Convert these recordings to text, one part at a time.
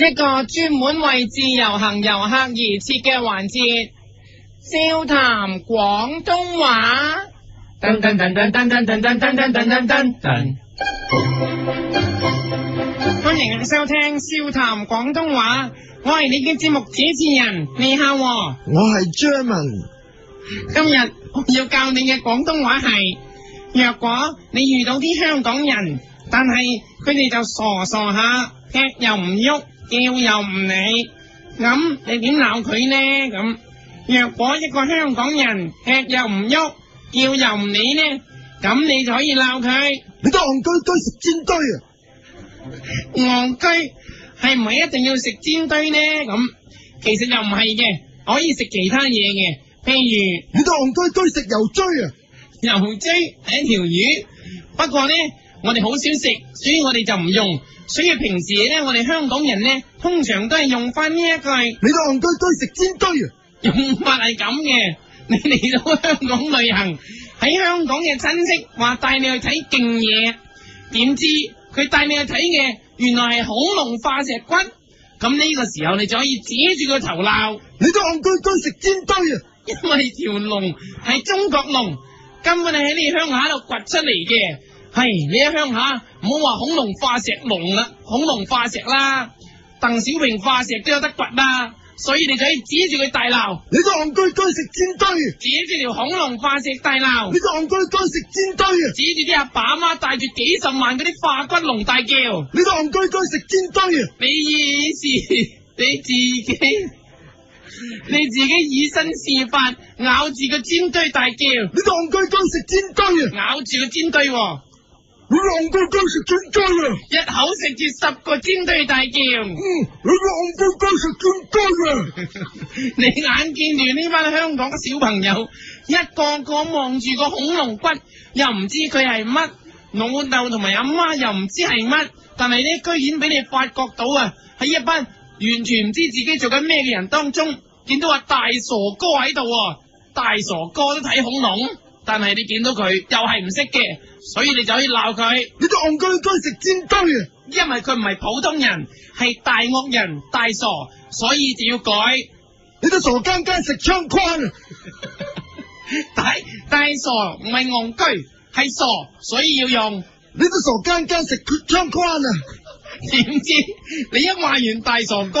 一個專門為自由行遊客而設嘅環節，笑談廣東話。噔，歡迎收聽笑談廣東話。我係你嘅節目主持人。你好，我係 German。今日要教你嘅廣東話係：如果你遇到啲香港人，但係佢哋就傻傻下，踢又唔喐。叫又唔理，咁你點鬧佢呢？咁若果一個香港人吃又唔喐，叫又唔理呢？咁你就可以鬧佢。你都戇居居食煎堆啊？戇居係唔係一定要食煎堆呢？咁其實又唔係嘅，可以食其他嘢嘅，譬如你都戇居居食油錐啊，油錐係一條魚，不過呢，我哋好少食，所以我哋就唔用。所以平時咧，我哋香港人咧，通常都係用翻呢一句：你都戇居居食煎堆啊！用法係咁嘅。你嚟到香港旅行，喺香港嘅親戚話帶你去睇勁嘢，點知佢帶你去睇嘅原來係恐龍化石骨。咁呢個時候你就可以指住個頭鬧：你都戇居居食煎堆啊！因為條龍係中國龍，根本係喺你鄉下度掘出嚟嘅。係你喺鄉下，唔好話恐龍化石龍啦，恐龍化石啦，鄧小平化石都有得掘啦！所以你就可以指住佢大鬧，你都戇居居食煎堆，指住條恐龍化石大鬧，你都戇居居食煎堆，指住啲阿爸阿媽帶住幾十萬嗰啲化骨龍大叫，你都戇居居食煎堆啊！你意思你自己，你自己以身試法，咬住個煎堆大叫，你都戇居居食煎堆，咬住個煎堆。一口食住十個煎堆大條。嗯，你戇居居食煎堆啊！ 你眼見住呢班香港嘅小朋友，一個個望住個恐龍骨，又唔知佢係乜，老豆同埋阿媽又唔知係乜，但係呢，居然俾你發覺到啊！喺一班完全唔知自己做緊咩嘅人當中，見到阿大傻哥喺度，大傻哥都睇恐龍，但係你見到佢又係唔識嘅。所以你就可以鬧佢，你都戇居居食煎堆啊！因為佢唔係普通人，係大惡人、大傻，所以就要改。你都傻更更食窗框啊！ 大，大大傻唔係戇居，係傻，所以要用。你都傻更更食脱窗框啊！點 知你一話完大傻哥，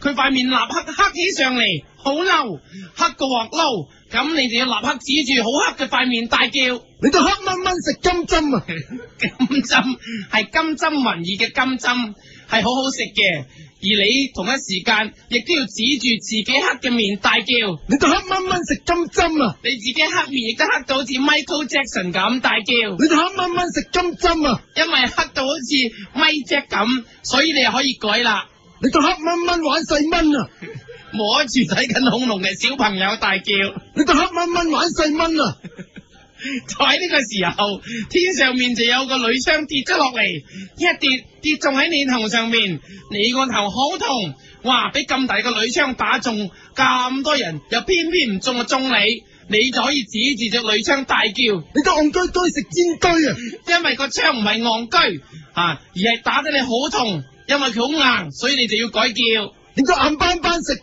佢塊面立刻黑起上嚟，好嬲，黑個鑊撈。咁你哋要立刻指住好黑嘅塊面大叫，你都黑掹掹食金針啊！ 金針係金針雲耳嘅金針係好好食嘅，而你同一時間亦都要指住自己黑嘅面大叫，你都黑掹掹食金針啊！你自己黑面亦都黑到好似 Michael Jackson 咁大叫，你都黑掹掹食金針啊！因為黑到好似咪隻咁，所以你又可以改啦！你都黑掹掹玩細蚊啊.！ 摸住睇緊恐龍嘅小朋友大叫：你都黑蚊蚊玩細蚊啊！ 就喺呢個時候，天上面就有個女槍跌咗落嚟，一跌跌中喺你頭上面，你個頭好痛。哇！俾咁大個女槍打中咁多人，又偏偏唔中啊中你，你就可以指住隻女槍大叫：你都戇居居食煎堆啊！因為個槍唔係戇居啊，而係打得你好痛，因為佢好硬，所以你就要改叫你都硬斑，斑斑食。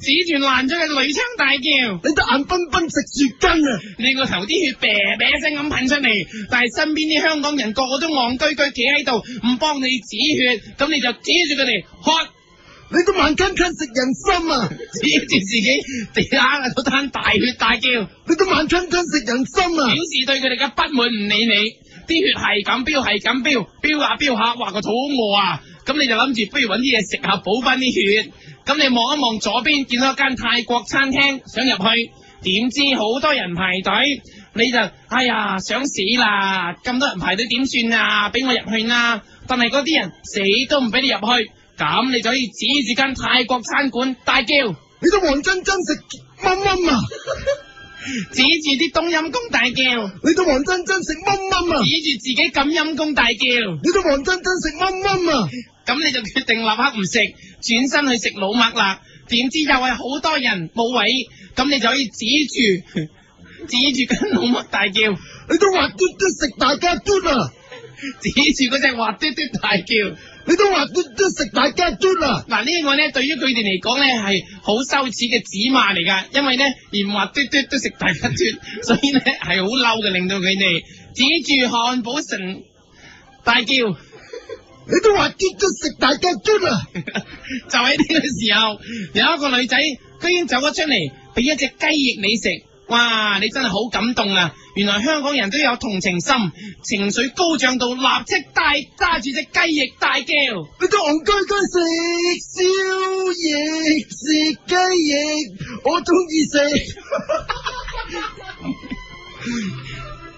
指住爛咗嘅女槍大叫，你都眼崩崩食血根啊！你個頭啲血啤啤聲咁噴出嚟，但係身邊啲香港人個個都戇居居企喺度，唔幫你止血，咁你就指住佢哋，喝，你都慢吞吞食人心啊！指住自己地下嗰攤大血大叫，你都慢吞吞食人心啊！表示、呃、對佢哋嘅不滿，唔理你，啲血係咁飆，係咁飆，飆下飆下，話個肚餓啊！咁你就諗住，不如揾啲嘢食下，補翻啲血。咁你望一望左邊，見到一間泰國餐廳，想入去，點知好多人排隊，你就哎呀想死啦！咁多人排隊點算啊？俾我入去啦、啊！但係嗰啲人死都唔俾你入去，咁你就可以指住間泰國餐館大叫，你都黃真真食蚊蚊啊！ 指住啲冬陰公大叫，你都黃真真食蚊蚊啊！指住自己咁陰公大叫，你都黃真真食蚊蚊啊！咁你就決定立刻唔食，轉身去食老麥啦。點知又係好多人冇位，咁你就可以指住指住根老麥大叫， 你都滑嘟嘟食大家嘟啦，啊。 指住嗰隻滑嘟嘟大叫， 你都滑嘟嘟食大家嘟啦，啊。嗱，啊，這個，呢個咧對於佢哋嚟講咧係好羞恥嘅指罵嚟噶，因為咧連滑嘟嘟都食大家嘟，所以咧係好嬲嘅，令到佢哋指住漢堡神大叫。你都話激咗食大雞筋啦！ 就喺呢個時候，有一個女仔居然走咗出嚟，俾一隻雞翼你食。哇！你真係好感動啊！原來香港人都有同情心，情緒高漲到立即大揸住隻雞翼大叫。你都戇居居食宵夜，食雞，雞翼，我中意食。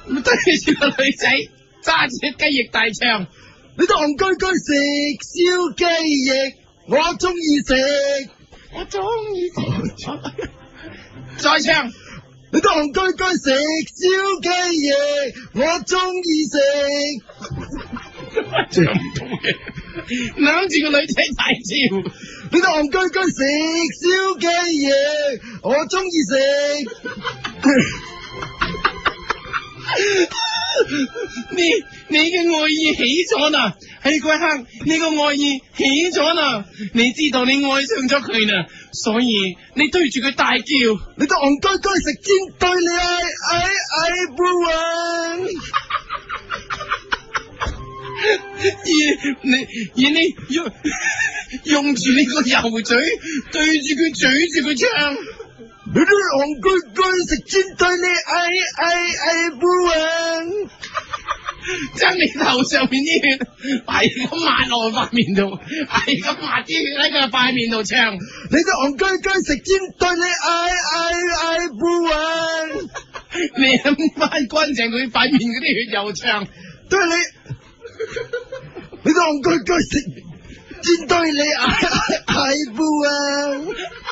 咪 對住個女仔揸住隻雞翼大唱。你都戇居居食燒雞翼，我中意食，我中意。 再唱，你都戇居居食燒雞翼，我中意食。真係唔同嘅，攬 住個女仔大笑。 你都戇居居食燒雞翼，我中意食。 你。你嘅愛意起咗啦，喺嗰一刻，你個愛意起咗啦，你知道你愛上咗佢啦，所以你對住佢大叫， 你，你都戇居居食煎堆，你係係係 b r n 而你而你用用住你個油嘴對住佢嘴住佢唱，你都戇居居食煎堆，你係係係 b r n 將你頭上面啲 血，係咁抹落塊面度，係咁抹啲血喺佢塊面度唱，你都戇居居食煎堆，對你嗌嗌嗌布云， 你咁快乾淨佢塊面嗰啲血又唱，對你喊喊 你都戇居居食煎堆，對你嗌嗌嗌啊！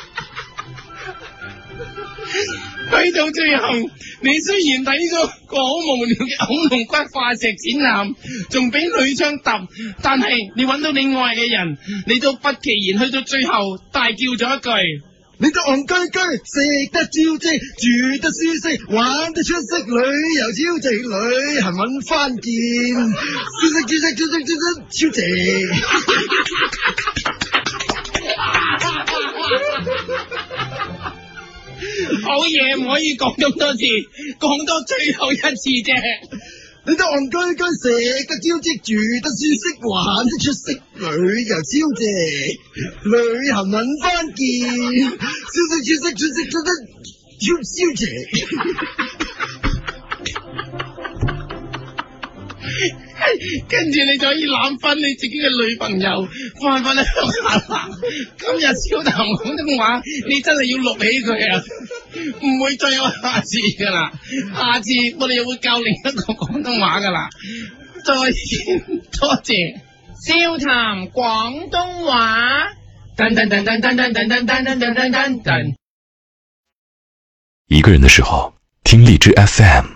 睇到最後，你雖然睇咗個好無聊嘅恐龍骨化石展覽，仲俾女槍揼，但係你揾到你愛嘅人，你都不其然去到最後大叫咗一句，你都戇居居，食得超值，住得舒適，玩得出色，旅遊超值，旅行揾翻見，超值超值超值超值超值！好嘢唔可以講咁多次，講多最後一次啫。你都戇居居，食得招積，住得舒適，玩得出色，旅遊超值，旅行揾翻件，舒適舒適舒適舒適，超超值。跟住你就可以攬翻你自己嘅女朋友，快快啦！今日笑談廣東話，你真係要錄起佢啊！唔會再有下次噶啦，下次我哋又會教另一個廣東話噶啦。再見，多謝。笑談廣東話。噔噔噔噔噔噔噔噔噔噔噔噔噔。一個人嘅時候，聽荔枝 FM。